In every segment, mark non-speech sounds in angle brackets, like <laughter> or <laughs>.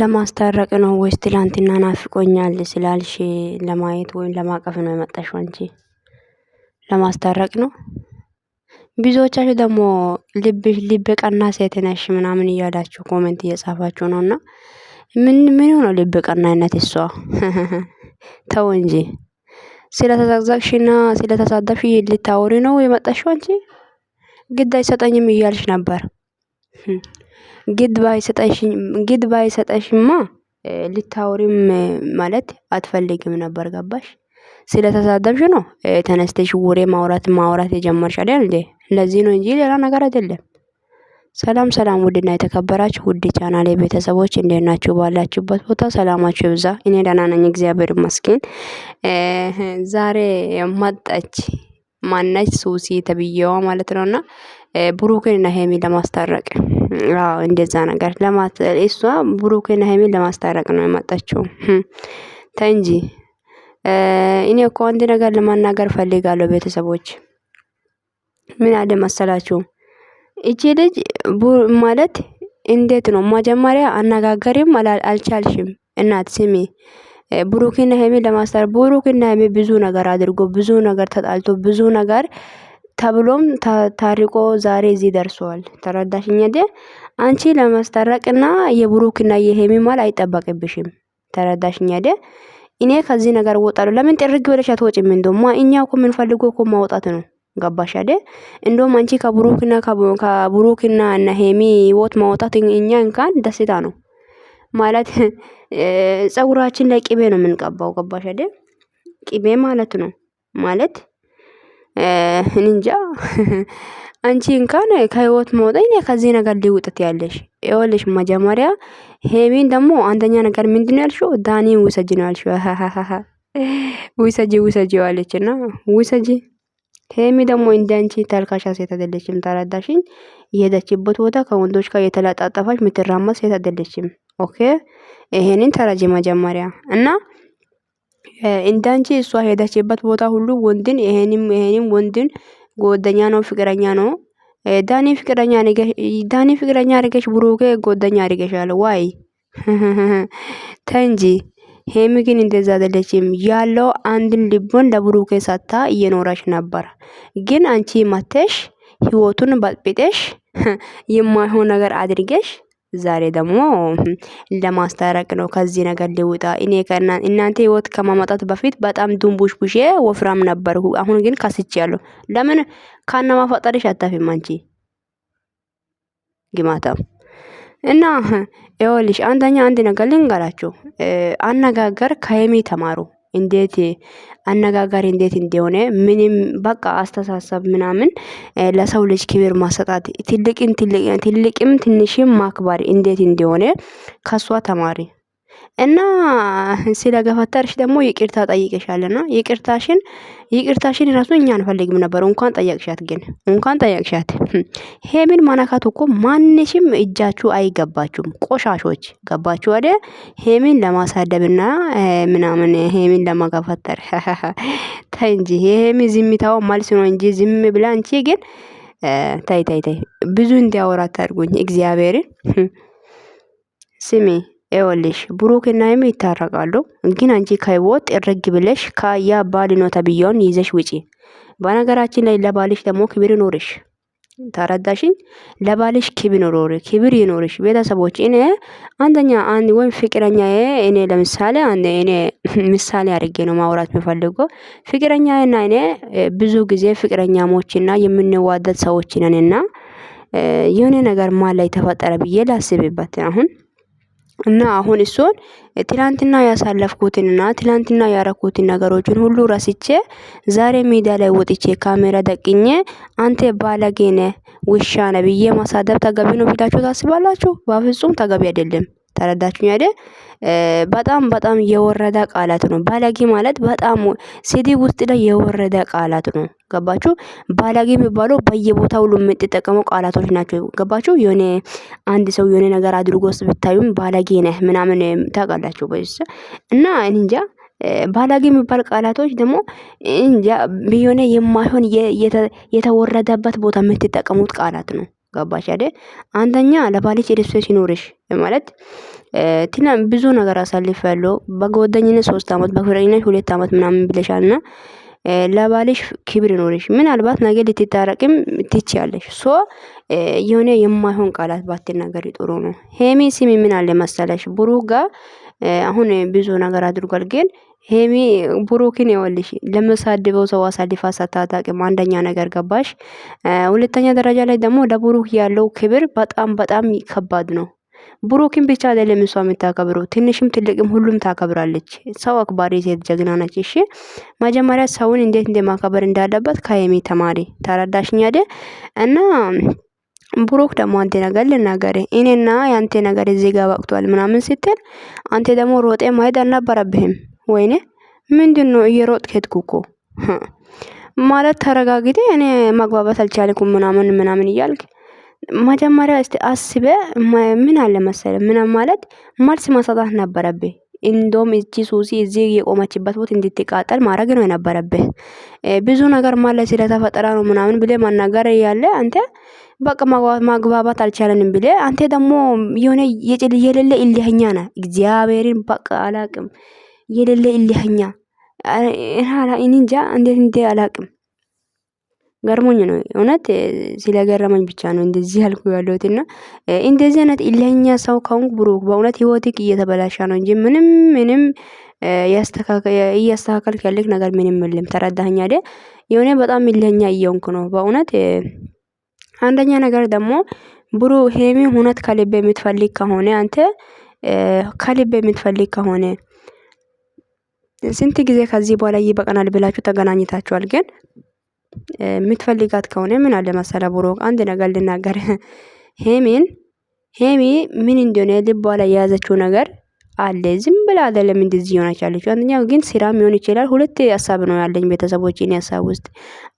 ለማስታረቅ ነው ወይስ ትላንትና ናፍቆኛል ስላልሽ ለማየት ወይም ለማቀፍ ነው የመጣሽው? አንቺ ለማስታረቅ ነው። ብዙዎቻችሁ ደግሞ ልብሽ ልብ ቀና ሴት ነሽ ምናምን እያላችሁ ኮሜንት እየጻፋችሁ ነው። እና ምን ምን ነው ልብ ቀናነት እሷ <laughs> ተው እንጂ ስለተዘግዘግሽና ስለተሳደብሽ ልታወሪ ነው የመጣሽው? አንቺ ግድ አይሰጠኝም እያልሽ ነበር። ግድ ባይሰጠሽማ ልታወሪም ማለት አትፈልግም ነበር። ገባሽ? ስለተሳደብሽ ነው ተነስተሽ ወሬ ማውራት ማውራት የጀመርሽ አይደል እንዴ? ለዚህ ነው እንጂ ሌላ ነገር አይደለም። ሰላም ሰላም፣ ውድና የተከበራችሁ ውድ ቻናሌ ቤተሰቦች እንዴት ናችሁ? ባላችሁበት ቦታ ሰላማችሁ ይብዛ። እኔ ደህና ነኝ፣ እግዚአብሔር ይመስገን። ዛሬ መጣች ማነች ሱሲ ተብዬዋ ማለት ነውና ብሩክንና ሄሚን ለማስታረቅ እንደዛ ነገር እሷ ብሩክንና ሄሚን ለማስታረቅ ነው የመጣችው። ተንጂ እኔ እኮ አንድ ነገር ለማናገር ፈልጋለሁ። ቤተሰቦች ምን አለ መሰላችሁ፣ እቺ ልጅ ማለት እንዴት ነው መጀመሪያ አነጋገሪም አልቻልሽም። እናት ስሜ ብሩክና ሄሜ ለማስታረቅ ብሩክና ሄሜ ብዙ ነገር አድርጎ ብዙ ነገር ተጣልቶ ብዙ ነገር ተብሎም ታሪቆ ዛሬ እዚህ ደርሰዋል። ተረዳሽኝ አይደል? አንቺ ለማስታረቅና የብሩክና የሄሚ ማል አይጠበቅብሽም። ተረዳሽኝ አይደል? እኔ ከዚህ ነገር ወጣለሁ። ለምን ጥርግ ብለሽ አትወጪም? እንደማ እኛ እኮ የምንፈልገው እኮ ማውጣት ነው። ገባሽ አይደል? እንደውም አንቺ ከብሩክና ከብሩክና እና ሄሚ ህይወት ማውጣት እኛ እንኳን ደስታ ነው ማለት ጸጉራችን ላይ ቅቤ ነው የምንቀባው። ገባሽ አይደል? ቅቤ ማለት ነው ማለት እንጃ <laughs> አንቺ እንኳን ከህይወት መውጠኝ ከዚህ ነገር ሊውጥት ያለሽ ይኸውልሽ። መጀመሪያ ሄሚን ደግሞ አንደኛ ነገር ምንድን ያልሽው ዳኒ ውሰጅ ነው ያልሽው። <laughs> ውሰጂ ውሰጂ ዋለች እና ውሰጂ። ሄሚ ደግሞ እንደ አንቺ ታልካሻ ሴት አይደለችም። ተረዳሽኝ? የሄደችበት ቦታ ከወንዶች ጋር የተላጣጠፋች ምትራመስ ሴት አይደለችም። ኦኬ፣ ይሄንን ተረጂ መጀመሪያ እና እንዳንቺ እሷ ሄደችበት ቦታ ሁሉ ወንድን ይሄንም ይሄንም ወንድን ጓደኛ ነው ፍቅረኛ ነው ዳኒ ፍቅረኛ ዳኒ ፍቅረኛ አርገሽ ብሩኬ ጓደኛ አርገሻል። ዋይ <laughs> ተንጂ ሄሚ ግን እንደዛ አይደለችም። ያለው አንድን ልቦን ለብሩኬ ሳታ እየኖረች ነበር። ግን አንቺ ማተሽ ህይወቱን በጥብጠሽ <laughs> የማይሆን ነገር አድርገሽ ዛሬ ደግሞ ለማስታረቅ ነው ከዚህ ነገር ሊውጣ። እኔ እናንተ ህይወት ከማመጣት በፊት በጣም ዱንቡሽ ቡሼ ወፍራም ነበርኩ። አሁን ግን ያለሁ ለምን ካናማ ማፈጠርሽ አታፊም አንቺ ግማታም እና ይኸውልሽ አንደኛ አንድ ነገር ልንገራችሁ፣ አነጋገር ከየሚ ተማሩ። እንዴት አነጋጋሪ እንዴት እንደሆነ ምንም በቃ አስተሳሰብ ምናምን ለሰው ልጅ ክብር ማሰጣት ትልቅም ትንሽም ማክበር እንዴት እንደሆነ ከሷ ተማሪ እና ስለገፈተርሽ ደግሞ ይቅርታ ጠይቀሻልና ይቅርታሽን ይቅርታሽን ራሱ እኛ አንፈልግም ነበር። እንኳን ጠየቅሻት ግን እንኳን ጠየቅሻት። ሄምን ማናካት እኮ ማንሽም እጃችሁ አይገባችሁም። ቆሻሾች ገባችሁ ወደ ሄምን ለማሳደብና ምናምን ሄምን ለማገፈተር ታይ እንጂ ሄሚ ዝምታው ማልስ ነው እንጂ ዝም ብላ አንቺ ግን ታይ ታይ ታይ ብዙ እንዲያወራ ታርጉኝ እግዚአብሔርን ስሜ ይኸውልሽ ብሩክና ሀይሚ ይታረቃሉ፣ ግን አንቺ ከህይወት እርግ ብለሽ ከያ ባል ነው ተብዬውን ይዘሽ ውጪ። በነገራችን ላይ ለባልሽ ደግሞ ክብር ይኖርሽ። ተረዳሽኝ? ለባልሽ ክብር ይኖር ክብር ይኖርሽ። ቤተሰቦች እኔ አንደኛ አንድ ወይም ፍቅረኛ እኔ ለምሳሌ አንድ እኔ ምሳሌ አድርጌ ነው ማውራት የምፈልገው ፍቅረኛ እና እኔ ብዙ ጊዜ ፍቅረኛሞችና የምንዋደድ ሰዎች ነንና የሆነ ነገር ማ ላይ ተፈጠረ ብዬ ላስብበት አሁን እና አሁን እሱን ትላንትና ያሳለፍኩትንና ትላንትና ያረኩትን ነገሮችን ሁሉ ረስቼ ዛሬ ሜዳ ላይ ወጥቼ ካሜራ ደቅኜ አንተ ባለጌ ውሻ ነህ ብዬ ማሳደብ ተገቢ ነው ብላችሁ ታስባላችሁ? በፍጹም ተገቢ አይደለም። ተረዳችሁኝ አይደል? በጣም በጣም የወረደ ቃላት ነው። ባለጌ ማለት በጣም ሲዲ ውስጥ ላይ የወረደ ቃላት ነው። ገባችሁ? ባለጌ የሚባለው በየቦታው ሁሉ የምትጠቀመው ቃላቶች ናቸው። ገባችሁ? የሆነ አንድ ሰው የሆነ ነገር አድርጎስ ብታዩም ባለጌ ነህ ምናምን ታውቃላችሁ ወይስ? እና እንጃ ባለጌ የሚባል ቃላቶች ደግሞ እንጃ የሆነ የማይሆን የተወረደበት ቦታ የምትጠቀሙት ቃላት ነው ገባሽ አይደል? አንደኛ ለባልሽ ሪስፔክት ሲኖርሽ ማለት ትና ብዙ ነገር አሳልፌያለሁ። በጓደኝነት ሶስት አመት በፍቅረኝነት ሁለት አመት ምናምን ብለሻልና ለባልሽ ክብር ይኖርሽ። ምናልባት ነገ ልትታረቂም ትችያለሽ። ሶ የሆነ የማይሆን ቃላት ባትናገሪ ጥሩ ነው። ሄሚ ሲሚ ምን አለ መሰለሽ ብሩክ ጋር አሁን ብዙ ነገር አድርጓል ግን ሄሚ ብሩክን ይወልሽ ለመሳደበው ሰው አሳልፋ ሳታጣቅም አንደኛ ነገር ገባሽ። ሁለተኛ ደረጃ ላይ ደግሞ ለብሩክ ያለው ክብር በጣም በጣም ከባድ ነው። ብሩክን ብቻ አይደለም እሷ የምታከብረው፣ ትንሽም ትልቅም ሁሉም ታከብራለች። ሰው አክባሪ ሴት ጀግና ነች። እሺ መጀመሪያ ሰውን እንዴት እንደማከበር እንዳለበት ከሄሚ ተማሪ። ተረዳሽኝ አይደል? እና ብሩክ ደግሞ አንተ ነገር ልናገር እኔና ያንተ ነገር እዚህ ጋር በቅቷል ምናምን ስትል አንተ ደግሞ ሮጤ ማሄድ አልነበረብህም። ወይኔ ምንድን ነው እየሮጥክ ሄድኩ እኮ ማለት ተረጋግቴ እኔ ማግባባት አልቻልኩም ምናምን ምናምን እያልክ መጀመሪያ እስቲ አስበ ምን አለ መሰለ ምን ማለት መልስ ማሳጣት ነበረብህ። እንዶም እቺ ሱሲ እዚህ የቆመችበት ቦታ እንድትቃጠል ማድረግ ነው የነበረብህ። ብዙ ነገር ማለት ስለተፈጠረ ነው ምናምን ብለ ማናገር ያለ አንተ በቃ ማግባባት አልቻለንም ብለ አንተ ደግሞ የሆነ የሌለ እልህኛ ነ እግዚአብሔርን በቃ አላቅም የሌለ እልህኛ እኔ እንጃ እንዴት እንዴ አላቅም። ገርሞኝ ነው እውነት ስለገረመኝ ብቻ ነው እንደዚህ ያልኩ ያለሁት። እና እንደዚህ አይነት እልህኛ ሰው ከሆንክ ብሩክ በእውነት ህይወትክ እየተበላሸ ነው እንጂ ምንም ምንም እያስተካከልክ ያለክ ነገር ምንም የለም። ተረዳኸኝ አይደል? የሆነ በጣም እልህኛ እየሆንክ ነው በእውነት። አንደኛ ነገር ደግሞ ብሩ ሄሚ እውነት ከልብ የምትፈልግ ከሆነ አንተ ከልብ የምትፈልግ ከሆነ ስንት ጊዜ ከዚህ በኋላ ይበቃናል ብላችሁ ተገናኝታችኋል። ግን የምትፈልጋት ከሆነ ምን አለ መሰለ ብሩክ፣ አንድ ነገር ልናገር። <laughs> ሄሚን ሄሚ ምን እንደሆነ ልቧ ላይ የያዘችው ነገር አለ። ዝም ብላ አይደለም እንደዚህ ሆናች ያለችው። አንደኛ ግን ስራም ሊሆን ይችላል። ሁለት ሀሳብ ነው ያለኝ ቤተሰቦች፣ እኔ ሀሳብ ውስጥ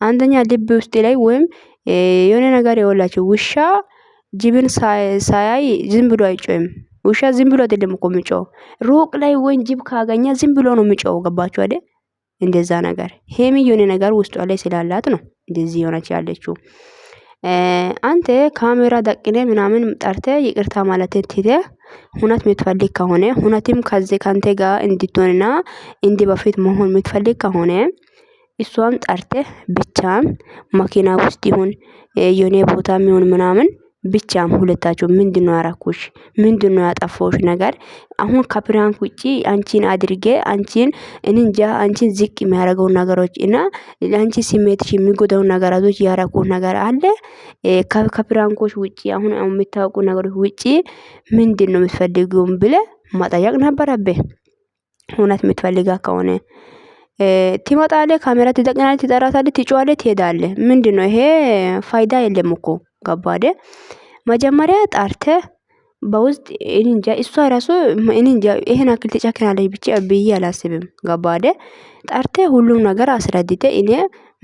አንደኛ ልብ ውስጥ ላይ ወይም የሆነ ነገር የወላቸው ውሻ ጅብን ሳያይ ዝም ብሎ አይጮይም። ውሻ ዝም ብሎ አይደለም እኮ የሚጮው። ሩቅ ላይ ወይም ጅብ ካገኘ ዝም ብሎ ነው የሚጮው። ገባችሁ አይደል? እንደዛ ነገር ሄሚ የሆነ ነገር ውስጧ ላይ ስላላት ነው እንደዚህ የሆነች ያለችው። አንተ ካሜራ ደቅነ ምናምን ጠርተ ይቅርታ ማለት ትተ ሁነት የምትፈልግ ከሆነ ሁነትም ከዚ ከአንተ ጋር እንድትሆንና እንዲ በፊት መሆን የምትፈልግ ከሆነ እሷም ጠርተ ብቻም መኪና ውስጥ ይሁን የሆነ ቦታ የሚሆን ምናምን ብቻም ሁለታቸው ምንድነው ያረኩሽ? ምንድነው ያጠፋሁሽ ነገር? አሁን ከፕራንክ ውጪ አንቺን አድርጌ አንቺን እንንጃ አንቺን ዝቅ የሚያደርገው ነገሮች እና ለአንቺ ስሜትሽ የሚጎዳው ነገራቶች ያረኩ ነገር አለ? ከፕራንኮች ውጪ አሁን የሚታወቁ ነገሮች ውጪ ነው የምትፈልጊውም ብለ ማጠያቅ ነበረብህ። እውነት የምትፈልጋ ከሆነ ትመጣለህ፣ ካሜራ ትደቅናለህ፣ ትጠራታለህ፣ ትጮዋለህ፣ ትሄዳለህ። ምንድነው ይሄ? ፋይዳ የለም እኮ ገባ መጀመሪያ ጣርተ በውስጥ እንጃ እሷ ራሱ እንጃ ይሄን አክል ትጨክናለች ብቻ ብዬ አላስብም። ገባ አይደል? ሁሉም ነገር አስረድተ እኔ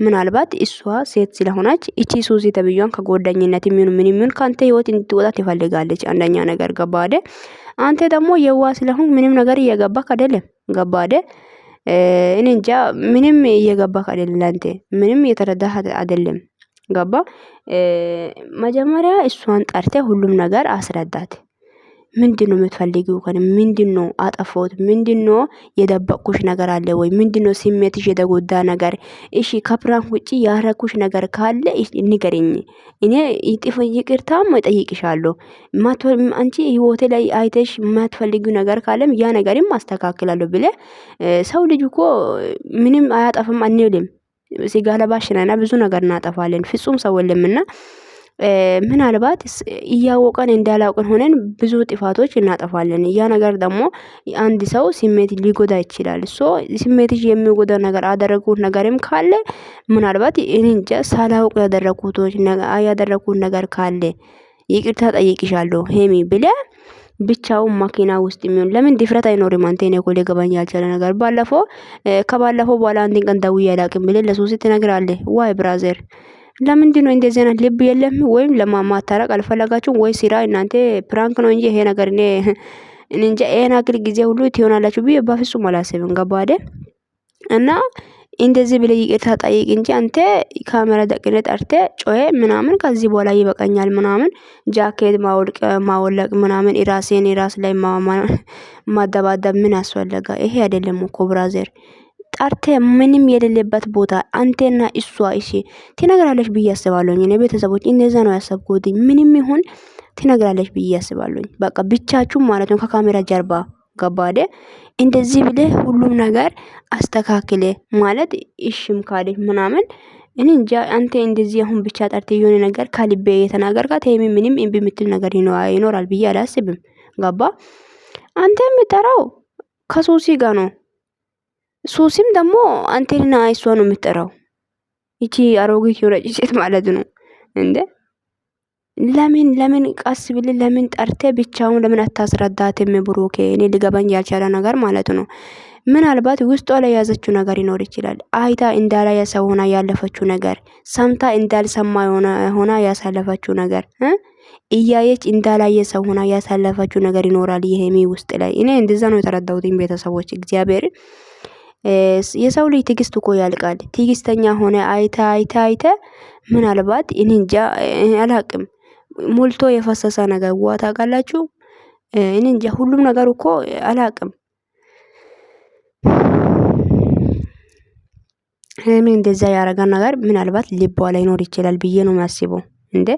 ምናልባት እሷ ሴት ስለሆነች እቺ ሱዚ ተብዩን ከጎደኝነት የሚሆን ምን የሚሆን ከአንተ ህይወት እንድትወጣ ትፈልጋለች። አንደኛ ነገር ገባ አንተ ደግሞ የዋ ስለሆን ምንም ነገር እየገባክ አይደለም። ገባ አይደል? እንጃ ምንም እየገባክ አይደለም። ለአንተ ምንም እየተረዳህ አይደለም ገባ መጀመሪያ እሷን ጠርተ ሁሉም ነገር አስረዳት። ምንድን ነው የምትፈልጊው? ከኔ ምንድን ነው አጠፋሁት? ምንድን ነው የደበቅኩሽ ነገር አለ ወይ? ምንድን ነው ስሜትሽ የተጎዳ ነገር? እሺ ከፕራንክ ውጪ ያረኩሽ ነገር ካለ ንገሪኝ። እኔ ይጥፍ ይቅርታ እጠይቅሻለሁ። አንቺ ህይወቴ ላይ አይተሽ የማትፈልጊው ነገር ካለም ያ ነገርም አስተካክላለሁ ብለ ሰው ልጅ እኮ ምንም አያጠፍም አንልም ሲጋለባሽነና ብዙ ነገር እናጠፋለን። ፍጹም ሰው የለምና ምናልባት እያወቀን እንዳላውቅን ሆነን ብዙ ጥፋቶች እናጠፋለን። ያ ነገር ደግሞ አንድ ሰው ስሜት ሊጎዳ ይችላል። እሶ ስሜት የሚጎዳ ነገር አደረጉት ነገርም ካለ ምናልባት እንጀ ሳላውቅ ያደረኩት ነገር ካለ ይቅርታ ጠይቅሻለሁ ሄሚ ብለ ብቻው መኪና ውስጥ የሚሆን ለምን ድፍረት አይኖርም? አንተ ነው ኮሌ ገባኝ ያልቻለ ነገር ባለፈው ከባለፈው በኋላ አንድን ቀን ደውዬ አላቅም ብለህ ለሱሲ ትነግራለህ። ዋይ ብራዘር ለምንድን ነው እንደዚህ አይነት ልብ የለም ወይም ለማማታረቅ አልፈለጋችሁም ወይ? ስራ እናንተ ፕራንክ ነው እንጂ ይሄ ነገር እኔ እንጃ ይሄን አክል ጊዜ ሁሉ ትሆናላችሁ ብዬ በፍጹም አላስብም። ገባ አይደል? እና እንደዚህ ብለ ይቅርታ ጠይቅ እንጂ አንተ ካሜራ ደቅነ ጠርተ ጮየ ምናምን ከዚህ በኋላ ይበቃኛል ምናምን ጃኬት ማውልቅ ማወለቅ ምናምን ራሴን ራስ ላይ ማደባደብ ምን አስፈለገ? ይሄ አይደለም እኮ ብራዘር። ጠርተ ምንም የሌለበት ቦታ አንቴና እሷ እሺ ትነግራለች ብዬ አስባለሁኝ። እኔ ቤተሰቦች እንደዛ ነው ያሰብኩት። ምንም ይሁን ትነግራለች ብዬ አስባለሁኝ። በቃ ብቻችሁ ማለት ነው ከካሜራ ጀርባ ገባደ እንደዚህ ብለ ሁሉም ነገር አስተካክለ ማለት እሽም ካለ ምናምን እኔ እንጃ። አንተ እንደዚህ አሁን ብቻ ጠርቴ የሆነ ነገር ከልቤ የተናገርካት ሀይሚ ምንም እምቢ የምትል ነገር ይኖራል ብዬ አላስብም። ጋባ አንተ የምጠራው ከሶሲ ጋ ነው። ሶሲም ደግሞ አንቴና አይሷ ነው የምጠራው። ይቺ አሮጊት የሆነች ሴት ማለት ነው እንዴ ለምን ለምን ቀስ ብል ለምን ጠርቴ ብቻውን ለምን አታስረዳትም? የምብሩኬ እኔ ሊገባኝ ያልቻለ ነገር ማለት ነው። ምናልባት ውስጧ ላይ የያዘችው ነገር ይኖር ይችላል። አይታ እንዳላየ ሰው ሆና ያለፈችው ነገር፣ ሰምታ እንዳልሰማ ሆና ያሳለፈችው ነገር፣ እያየች እንዳላየ ሰው ሆና ያሳለፈችው ነገር ይኖራል የሄሚ ውስጥ ላይ። እኔ እንደዛ ነው የተረዳሁት። ቤተሰቦች እግዚአብሔር የሰው ልጅ ትግስት እኮ ያልቃል። ትግስተኛ ሆነ አይተ አይተ አይተ ምናልባት እኔ እንጃ አላቅም ሞልቶ የፈሰሰ ነገር ውሃ ታውቃላችሁ? እኔ እንጃ ሁሉም ነገር እኮ አላቅም። ሄሜ እንደዛ ያረጋ ነገር ምናልባት ልቧ ኖር ይችላል ብዬ ነው ማስበው። እንዴ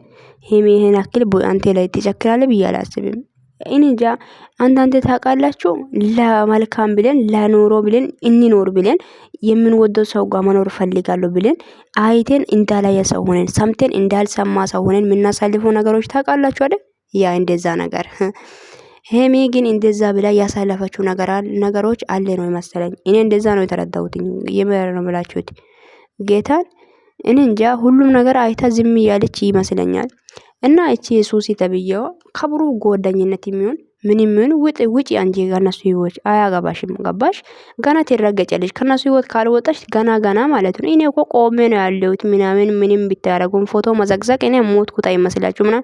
ሄሜ ይሄን አክል አንቴ ላይ ትጨክራለህ ብዬ አላስብም። እኔጃ አንዳንዴ ታውቃላችሁ ለመልካም ብለን ለኑሮ ብለን እንኖር ብለን የምንወደው ሰው ጋር መኖር ፈልጋለሁ ብለን አይቴን እንዳላየ ሰው ሆነን ሰምቴን እንዳልሰማ ሰው ሆነን የምናሳልፈው ነገሮች ታውቃላችሁ አይደል? ያ እንደዛ ነገር ሄሜ ግን እንደዛ ብላ ያሳለፈችው ነገሮች አለ ነው መሰለኝ። እኔ እንደዛ ነው የተረዳሁትኝ። የምር ነው ብላችሁት ጌታን እኔ እንጃ ሁሉም ነገር አይታ ዝም እያለች ይመስለኛል። እና እቺ የሱሲ ተብዬዋ ከብሩ ጓደኝነት የሚሆን ምን ምን ውጥ ውጭ አንጂ ከነሱ ህይወት አያገባሽም። ገባሽ? ገና ትረገጫለሽ። ከነሱ ህይወት ካልወጣሽ ገና ገና ማለት ነው። እኔ እኮ ቆሜ ነው ያለሁት ምናምን ምንም ብታረጉም ፎቶ መዘግዘቅ እኔ ሞትኩት አይመስላችሁ ምና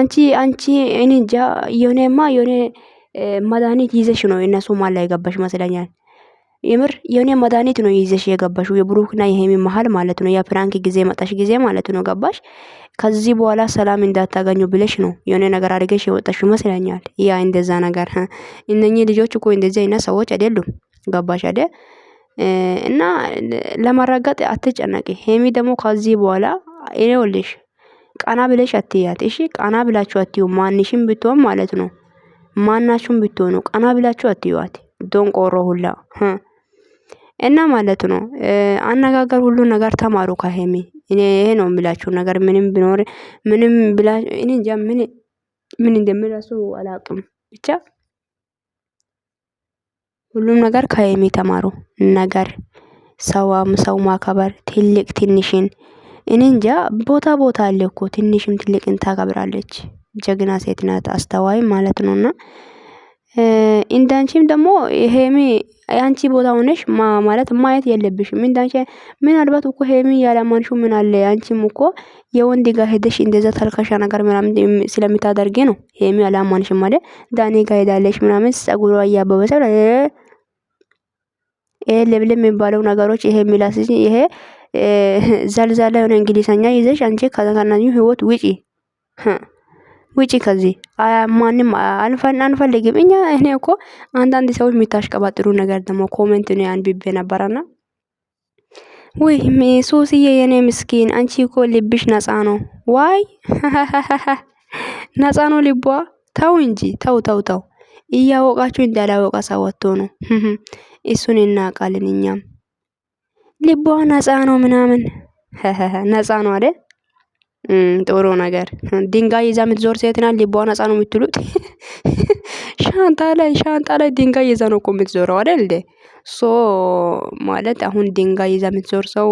አንቺ አንቺ እኔ እንጃ የሆነማ የሆነ መድኃኒት ይዘሽ ነው እነሱ ማል ላይ መስለኛል። የምር የሆነ መድኃኒት ነው ይዘሽ የገባሽው የብሩክና የሄሚ መሀል ማለት ነው። የፕራንክ ጊዜ መጣሽ ጊዜ ማለት ነው ገባሽ። ከዚህ በኋላ ሰላም እንዳታገኙ ብለሽ ነው የሆነ ነገር አድርገሽ የወጣሽ ይመስለኛል። ያ እንደዛ ነገር እነኚህ ልጆች እኮ እንደዚህ አይነት ሰዎች አይደሉም። ገባሽ አደ እና ለማረጋጥ አትጨነቂ። ሄሚ ደግሞ ከዚህ በኋላ ይኸውልሽ ቀና ብለሽ አትያት። እሺ ቀና ብላችሁ አትዩ። ማንሽም ብትሆን ማለት ነው ማናችሁም ብትሆኑ ቀና ብላችሁ አትዩዋት። ዶንቆሮ ሁላ እና ማለት ነው አነጋገር ሁሉን ነገር ተማሩ ካሄሚ እኔ ይሄ ነው የምላችሁ ነገር ምንም ቢኖር ምንም ብላ እኔ እንጃ ምን ምን እንደምላሱ አላውቅም። ብቻ ሁሉም ነገር ካሄሚ ተማሩ። ነገር ሰዋም ሰው ማከበር ትልቅ ትንሽን እኔ እንጃ ቦታ ቦታ አለ እኮ ትንሽም ትልቅን ታከብራለች። ጀግና ሴት ናት፣ አስተዋይ ማለት ነውና እንዳንቺም ደግሞ ሄሚ አንቺ ቦታ ሆነሽ ማለት ማየት የለብሽም። እንዳንቺ ምናልባት እኮ ሄሚ ያላማንሽው ምን አለ አንቺም እኮ የወንድ ጋር ሄደሽ እንደዛ ተልካሻ ነገር ምናምን ስለምታደርጊ ነው ሄሚ ያላማንሽም ማለት ዳኔ ጋር ሄዳለሽ ምናምን ጸጉሯ እያበበሰ ይሄ ልብልብ የሚባለው ነገሮች ይሄ ሚላስ ይሄ ዘልዘለ የሆነ እንግሊዘኛ ይዘሽ አንቺ ከዛናኙ ህይወት ውጪ ውጪ ከዚህ ማንም አንፈልግም። እኛ እኔ እኮ አንዳንድ ሰዎች የሚታሽቀባጥሩ ነገር ደግሞ ኮመንት ነው ያንብቤ ነበረና ውይ ሱስዬ የኔ ምስኪን አንቺ እኮ ልብሽ ነጻ ነው። ዋይ <laughs> ነጻ ነው ልቧ። ተው እንጂ ተው ተው ተው። እያወቃችሁ እንዳላወቀ ሰወቶ ነው <laughs> እሱን እናቃልን እኛም ልቧ ነጻ ነው ምናምን <laughs> ነጻ ነው አይደል? ጥሩ ነገር ድንጋይ ይዛ የምትዞር ሴት ናት። ልቧን ነጻ ነው የምትሉት። <laughs> ሻንጣ ላይ ሻንጣ ላይ ድንጋይ ይዛ ነው እኮ የምትዞረው አይደል እንዴ? ሶ ማለት አሁን ድንጋይ ይዛ የምትዞር ሰው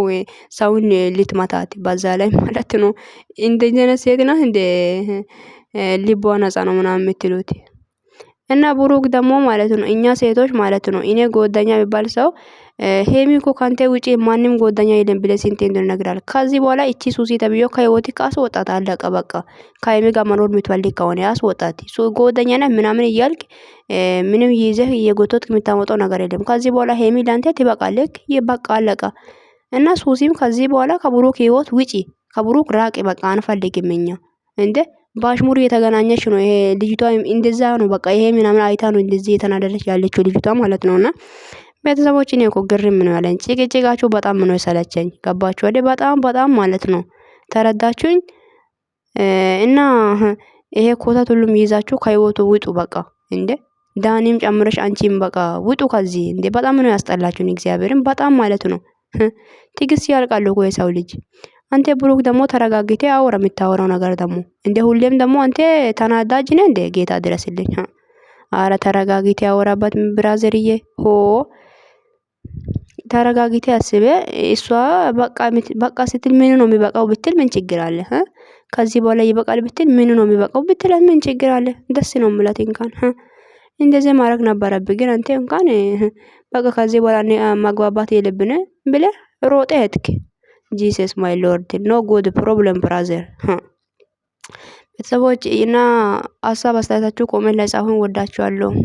ሰውን ልትመታት በዛ ላይ ማለት ነው። እንደዚነ ሴት ናት እንደ ልቧን ነጻ ነው ምናምን የምትሉት እና ብሩክ ደግሞ ማለት ነው እኛ ሴቶች ማለት ነው እኔ ጎደኛ የሚባል ሰው ሄሚ እኮ ካንተ ውጪ ማንም ጓደኛ የለም ብለ ስንቴ እንደነግራል። ከዚህ በኋላ እቺ ሱሲ ተብዮ ከህይወት አስወጣት። አለቀ በቃ። ከሄሚ ጋር መኖር የምትፈልግ ከሆነ አስወጣት። ጓደኛና ምናምን እያልክ ምንም ይዘህ እየጎተት የምታመጣው ነገር የለም። ከዚህ በኋላ ሄሚ ላንተ ትበቃለች። በቃ አለቀ። እና ሱሲም ከዚህ በኋላ ከብሩክ ህይወት ውጪ፣ ከብሩክ ራቅ። በቃ አንፈልግም እኛ እንደ በአሽሙር እየተገናኘች ነው። ይሄ ልጅቷ እንደዛ ነው በቃ ይሄ ምናምን አይታ ነው እንደዚህ የተናደደች ያለችው ልጅቷ ማለት ነውና ቤተሰቦች እኔ እኮ ግርም ነው ያለኝ። ጭቅጭቃችሁ በጣም ነው የሰለቸኝ። ገባችሁ ወደ በጣም በጣም ማለት ነው ተረዳችሁኝ። እና ይሄ ኮተት ሁሉም ይይዛችሁ ከህይወቱ ውጡ። በቃ እንዴ ዳኒም ጨምረሽ አንቺም በቃ ውጡ ከዚህ እንዴ። በጣም ነው ያስጠላችሁን። እግዚአብሔርም በጣም ማለት ነው ትግስት ያልቃሉ እኮ የሰው ልጅ። አንተ ብሩክ ደግሞ ተረጋግቴ አውራ የምታወራው ነገር ደግሞ እንዴ ሁሌም ደግሞ አንተ ተናዳጅ ነህ እንዴ። ጌታ ድረስልኝ። አረ ተረጋግቴ አወራበት ብራዘርዬ ሆ ተረጋግቴ ያስበ እሷ በቃ በቃ ስትል ምን ነው የሚበቃው ብትል ምን ችግር አለ? ከዚህ በኋላ ይበቃል ብትል ምን ነው የሚበቃው ብትል ምን ችግር አለ? ደስ ነው ምላት እንኳን እንደዚህ ማድረግ ነበረብ ግን አንተ እንኳን በቃ ከዚህ በኋላ ማግባባት የለብን ብለ ሮጠ ሄድክ። ጂሰስ ማይ ሎርድ ኖ ጉድ ፕሮብለም ብራዘር። ቤተሰቦች እና ሀሳብ አስተያየታችሁ ቆሜን ላይ ጻፉን። ወዳችኋለሁ።